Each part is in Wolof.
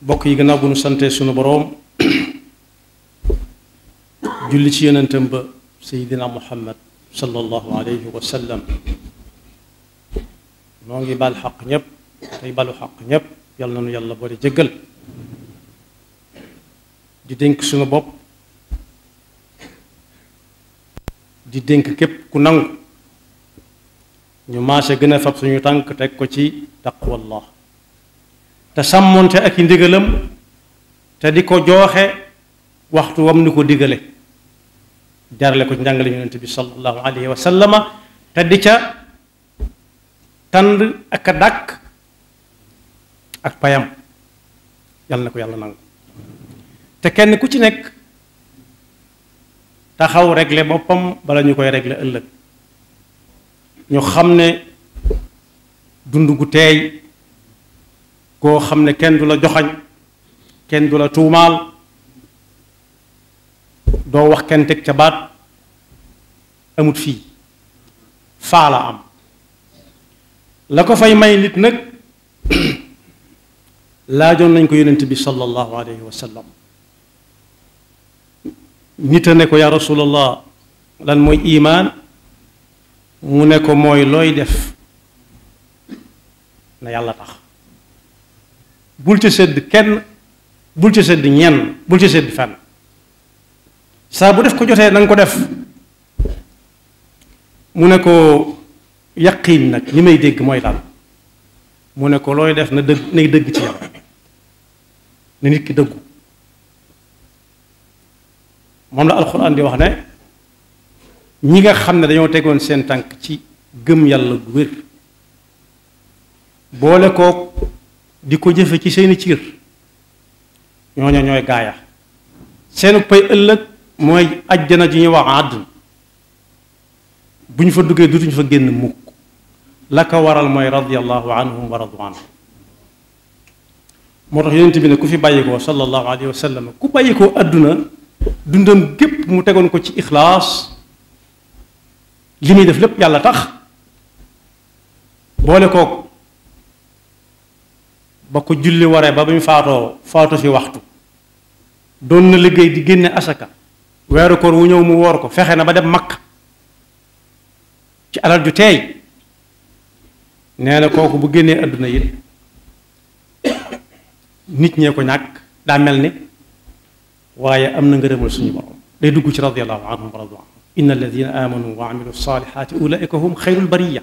bokk yi gën bu nu sante sunu boroom julli ci yonentam ba seydina muhammad sallallahu alayhi wa sallam noo ngi bal xaq ñépp tey balu xaq ñépp yal na nu yàlla boole jéggal di dénk sunu bopp di dénk képp ku nangu ñu maase gën a fab suñu tànk teg ko ci taqwallah te sàmmoonte ak i ndigalam te di ko jooxe waxtu wam ni ko digale jaarale ko ci njàngale yonent bi sallallahu alayhi wa sallama te di ca tànd ak a dàkk ak payam yàlla na ko yàlla nangu te kenn ku ci nekk taxaw régler boppam bala ñu koy régler ëllëg ñu xam ne dund gu teey koo xam ne kenn du la joxañ kenn du la tuumaal doo wax kenn teg ca baat amut fii faa am la ko fay may nit nag laajoon nañ ko yonent bi sallallahu alayhi wa sallam nit a ne ko yaa rasulallah lan mooy imaan mu ne ko mooy looy def na yàlla tax bul ca sedd kenn bul ci sedd ñenn bul ci sedd fenn saa bu def ko jotee na ko def mu ne ko yaqiin nag ñi may dégg mooy lan mu ne ko looy def na dëgg nay dëgg ci yow na nit ki dëggu moom la alxuraan di wax ne ñi nga xam ne dañoo tegoon seen tànk ci gëm yàlla gu wér boole koo di ko jëfe ci seeni ciir ñooña ñooy gaaya seenu pay ëllëg mooy ajjana ji ñuy wax àdduna bu ñu fa duggee dutuñu fa génn mukk la ko waral mooy radiyallahu anhum wa moo tax yonent bi ne ku fi bàyyikoo sallallahu alayhi wa sallam ku bàyyikoo àdduna dundam gépp mu tegoon ko ci ixlaas li muy def lépp yàlla tax boole kook ba ko julli waree ba bu ñu faatoo faatu fi waxtu doon na liggéey di génne asaka weeru koor wu ñëw mu woor ko fexe na ba dem makk ci alal ju tey nee na kooku bu génnee àdduna yi nit ñee ko ñàkk daa mel ni waaye am na ngërëmal suñu borom day dugg ci radiallahu anhum wa radu anhum inna alladina amanu wa amilu salihati ulaika hum xayrul bariya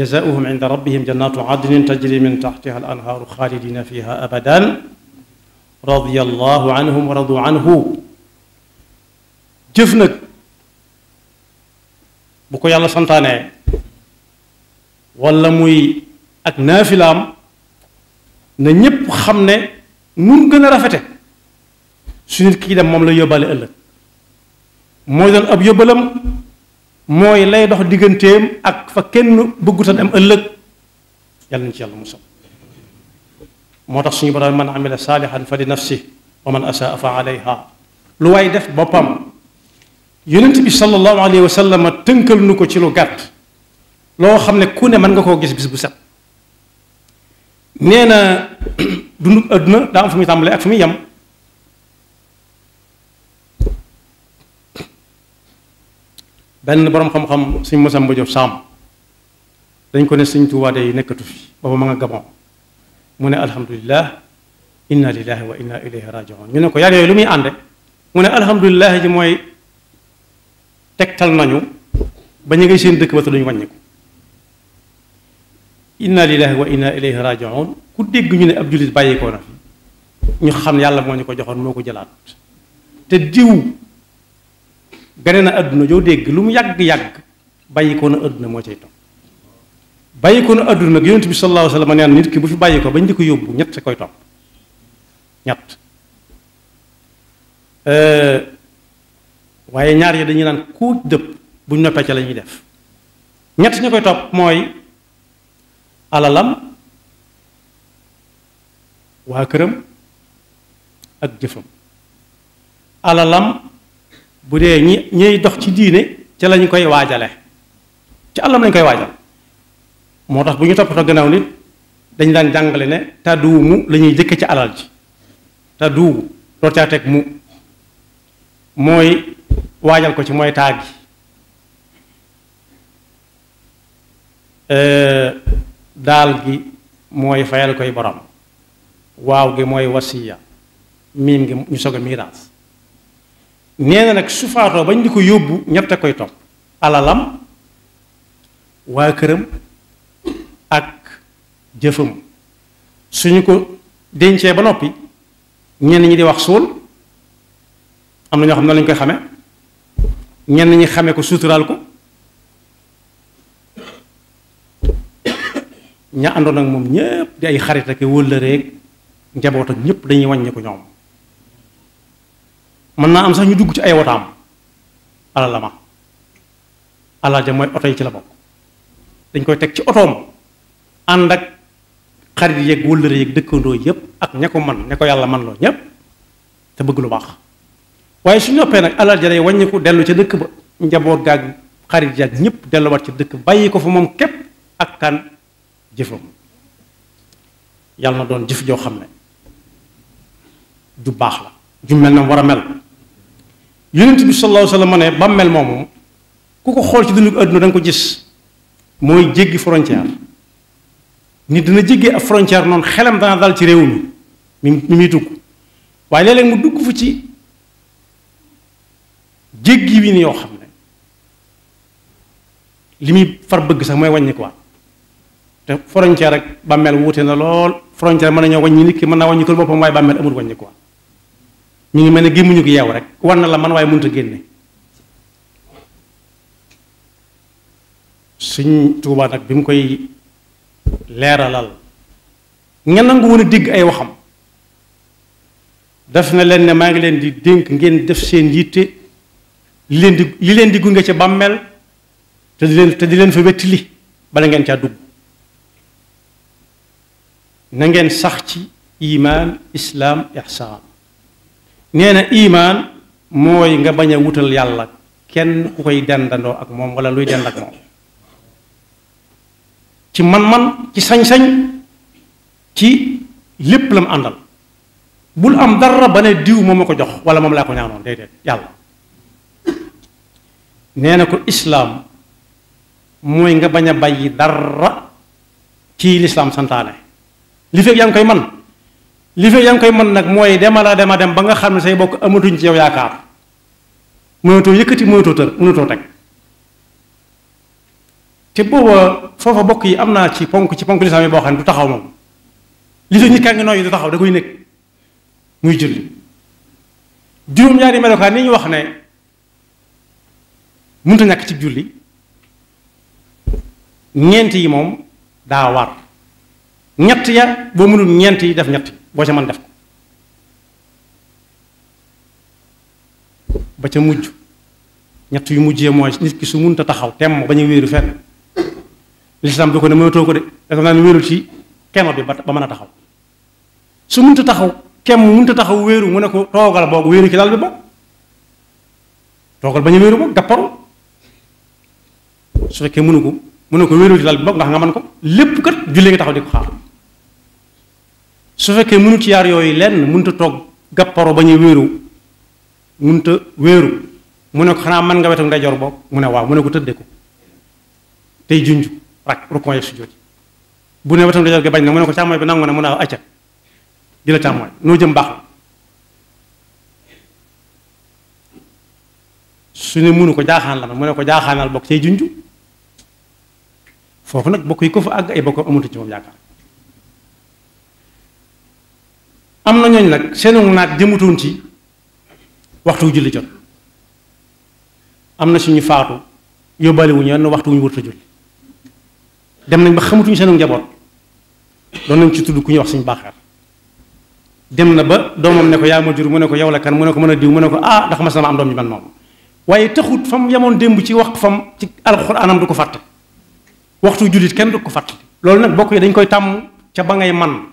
jazaauhum inda rabbihim jannatu adnin tajri min taxtiha al anhaaru xaalidina fiha abadan radiyallahu anhum wa radu anhu jëf nag bu ko yàlla santaanee muy ak naafilam na ñépp xam ne nun gën a rafete su nit kii dem moom la yóbbaale ëllëg mooy doon ab yóbbalam mooy lay dox digganteem ak fa kenn bëgguta dem ëllëg yàlla nañ ci yàlla musal moo tax suñu borom man amila saalihan fa li nafsi wa man asaa fa alayha lu waay def boppam yonent bi sallallahu alayhi wa sallam tënkal ko ci lu gàtt loo xam ne ku ne mën nga koo gis bis bu set nee na dundub àdduna daa am fu muy tàmbalee ak fu muy yem benn borom xam-xam suñ Masamba Jóob Samb dañ ko ne suñ Tuubaa day nekkatu fi booba ma nga Gabon mu ne alhamdulilah inna lillahi wa inna ilayhi rajiun ñu ne ko yar yooyu lu muy ànde mu ne alhamdulilah ji mooy tegtal nañu ba ñu ngi seen dëkk ba te duñu wàññiku inna lillahi wa inna ilayhi rajiun ku dégg ñu ne ab jullit bàyyeekoo na fi ñu xam yàlla moo ñu ko joxoon moo ko jëlaat te diw gane na àdduna joo dégg lu mu yàgg-yàgg bàyyi ko na àdduna moo cay topp bàyyi ko na àdduna nag yonent bi sallallahu alayhi wa sallam neen nit ki bu fi bàyyi ba bañ di ko yóbbu ñett koy topp ñett waaye ñaar yi dañuy naan kuuj dëpp bu noppee ca la ñuy def ñett ñu koy topp mooy alalam waa këram ak jëfam alalam bu dee ñi ñiy dox ci diine ca lañu koy waajale ci àllam lañ koy waajal moo tax bu ñu toppatoo gannaaw nit dañ daan jàngale ne tàdduwu mu lañuy jëkk ci alal ji tàdduwu loolu caa teg mu mooy waajal ko ci mooy taag gi daal gi mooy fayal koy borom waaw gi mooy wasiya miim gi ñu soog a nee na nag su faatoo bañ di ko yóbbu ñett koy topp alalam waa këram ak jëfam suñu ko dencee ba noppi ñenn ñi di wax suul am na ñoo xam ne lañ koy xame ñenn ñi xame ko suuturaal ko ña àndoon ak moom ñépp di ay xarit ak wëllëreeg njaboot ak ñépp dañuy wàññi ko ñoom mën naa am sax ñu dugg ci ay wotaam alal la ma alal ja mooy oto ci la bokk dañ koy teg ci otoom ànd ak xarit yeeg wëllëre yeeg dëkkandoo yépp ak ña ko man ña ko yàlla man loo ñépp te bëgg lu baax waaye su noppee nag alal ja day wàññiku dellu ca dëkk ba njaboot gaag xarit yaag ñépp delluwaat ci dëkk bàyyi ko fa moom képp ak kan jëfam yàlla na doon jëf joo xam ne ju baax la ju mel na war a mel yonent bi sallallahu alayhi wa sallam ma ne bàmmeel moomu ku ko xool ci dundu àdduna danga nga ko gis mooy jéggi frontière nit dina jéggee ab frontière noonu xelam dana dal ci réew mi mi muy dugg waaye léeg-léeg mu dugg fu ci jéggi wi ni yoo xam ne li muy far bëgg sax mooy wàññi ko te frontière ak bàmmeel wuute na lool frontière mën na ñoo wàññi nit ki mën naa wàññi ko boppam waaye bàmmeel amul ko mi ngi mel ne gémmuñu ko yeew rek war na la man waaye mënut a génne suñ tuubaa nag bi mu koy leeralal nga nangu woon a dégg ay waxam def na leen ne maa ngi leen di dénk ngeen def seen yitte li leen di li leen di gunge ca bàmmeel te di leen te di leen fa li bala ngeen caa dugg na ngeen sax ci iimaan islaam ihsaan nee na imaan mooy nga bañ a wutal yàlla kenn ku koy dendandoo ak moom walla luy dend ak moom ci man-man ci sañ-sañ ci lépp la mu àndal bul am dara ba ne diw moom ma ko jox wala moom laa ko ñaanoon déedéet yàlla nee na ko islaam mooy nga bañ a bàyyi dara ci lislaam santaane li fekk yaa ngi koy man li fee yaa ngi koy mën nag mooy demalaa dema dem ba nga xam ne say bokk amatuñ ci yow yaakaar mënatoo yëkkati mënatoo tër mënatoo teg te booba foofa bokk yi am naa ci ponk ci ponk lislaam yi boo xam ne du taxaw moom li fee nit kaa ngi nooy du taxaw da koy nekk muy julli juróom-ñaari melokaan ni ñu wax ne mënut a ñàkk ci julli ñeent yi moom daa war ñett ya boo mënul ñeent yi def ñett boo ca man def ko ba ca mujj ñett yu mujjee mooy nit ki su munta taxaw temm bañ a wéeru fen lislaam du ko ne mënatoo ko de dafa naan wéerul ci kenn bi ba mën a taxaw su munta taxaw kemm munta taxaw wéeru mu ne ko toogal boog wéeru ci dal bi boog toogal bañ a wéeru boog gàpparu su fekkee mënu ko ne ko wéeru ci dal bi boog ndax nga mën ko lépp kat julli nga taxaw di ko xaar su fekkee mënu ci yaar yooyu lenn mënuta toog gapparo ba ñuy wéeru mënuta wéeru mu ne ko xanaa mën nga wetu ndeyjoor boobu mu ne waaw mu ne ko tëdde ko tey junj rak rukon yeeg sujjóot bu ne wetu ndeyjoor gi bañ na mu ne ko càmmooñ bi nangu na mu ne acca di la càmmooñ noo jëm baax la mënu ko jaaxaan la mu ne ko jaaxaanal bokk tey junj foofu nag bokk yi ko fa àgg ay bokk amatu ci moom yaakaar am na ñooñ nag seenu naat jëmutoon ci waxtu julli jot am na suñu faatu yóbbaale wu ñu yenn waxtu wu ñu wërta julli dem nañ ba xamatuñu seenu njaboot doon ci tudd ku ñuy suñu baaxaar na ba doomam ne ko yaa ma jur mu ne ko yow la mu ne ko mën a diw mu ne ko ah ndax mas na ma am doom ji man moom waaye taxut fam yamoon démb ci wax fam ci alxuraanam du ko fàtte waxtu jullit kenn du ko fàtte loolu nag bokk yi dañ koy tàmm ca ba ngay man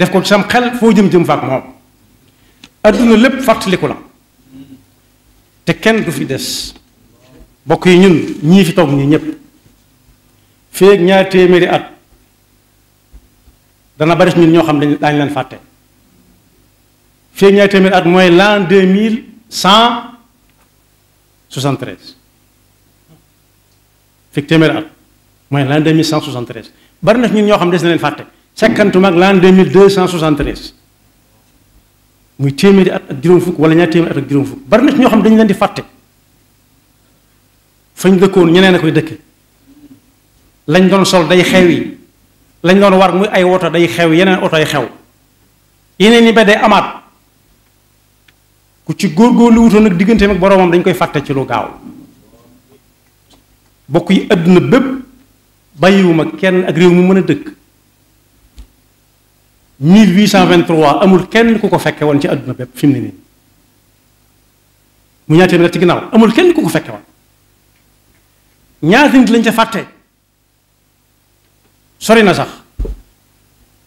def ko ci sam xel foo jëm jëm faak moom adduna lépp fàttaliku la te kenn du fi des bokk yi ñun ñii fi toog nii ñëpp feeg ñaar téeméeri at dana bari ñun ñoo xam ne daañu leen fàtte feeg ñaar téeméeri at mooy l'an deux mille cent soixante treize feeg téeméeri at mooy l'an bari na ñun ñoo xam ne des na leen fàtte. cinquante mag l'an deux mille deux cent soixante treize muy téeméeri at ak juróom fukk wala ñaar téeméeri at ak juróom fukk bari na ci ñoo xam dañu leen di fàtte fañ dëkkoon ñeneen a koy dëkke lañ doon sol day xew yi lañ doon war muy ay woto day xew yeneen oto ay xew yeneen yi ba day amaat ku ci góorgóorlu wutoon nag diggante ak boroomam dañ koy fàtte ci lu gaaw bokk yi àdduna bépp bàyyiwuma kenn ak réew mu mën a dëkk 1823 amul kenn ku ko fekke woon ci àdduna bépp fi ne nii mu ñaar téeméer ci ginnaaw amul kenn ku ko fekke woon ñaata nit lañ ca fàtte sori na sax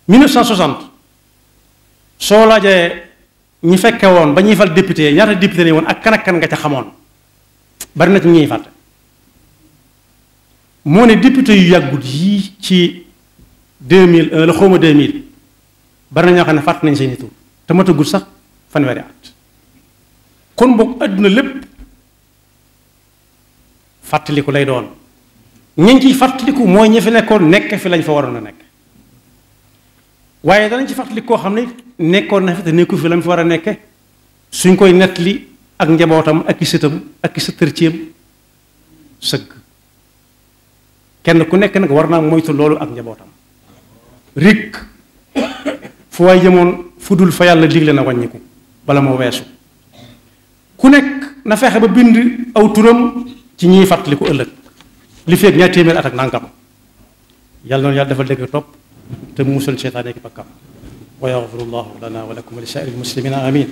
1960 soo laajee ñi fekke woon ba ñuy fal député ñaata député lañ woon ak kan nga ca xamoon bari nag ci ñuy fàtte moo ne député yu yàggut yii ci 2000 la xawma 2000. bari na ñoo xam ne fàtt nañ seeni tur te matagul sax fanweeri at kon boog àdduna lépp fàttaliku lay doon ñi ciy fàttaliku mooy ñi nekkoon nekk fi lañ fa waroon a nekk waaye danañ ci fàttaliku koo xam ne nekkoon na fi te nekku fi lañ fi war a nekke suñ koy nettali ak njabootam ak i sëtam ak i yëpp sëgg kenn ku nekk nag war naa moytu loolu ak njabootam rik fu waay jëmoon fu dul fa yàlla digle na wàññiku bala moo weesu ku nekk na fexe ba bind aw turam ci ñiy fàttaliku ëllëg li feeg ñaar téeméer at ak nangam yàlla noonu yàlla dafa dégg topp te musal seytaane ak bakkam wa yaxfirullahu lana wa lakum wa li saa'iril muslimina amin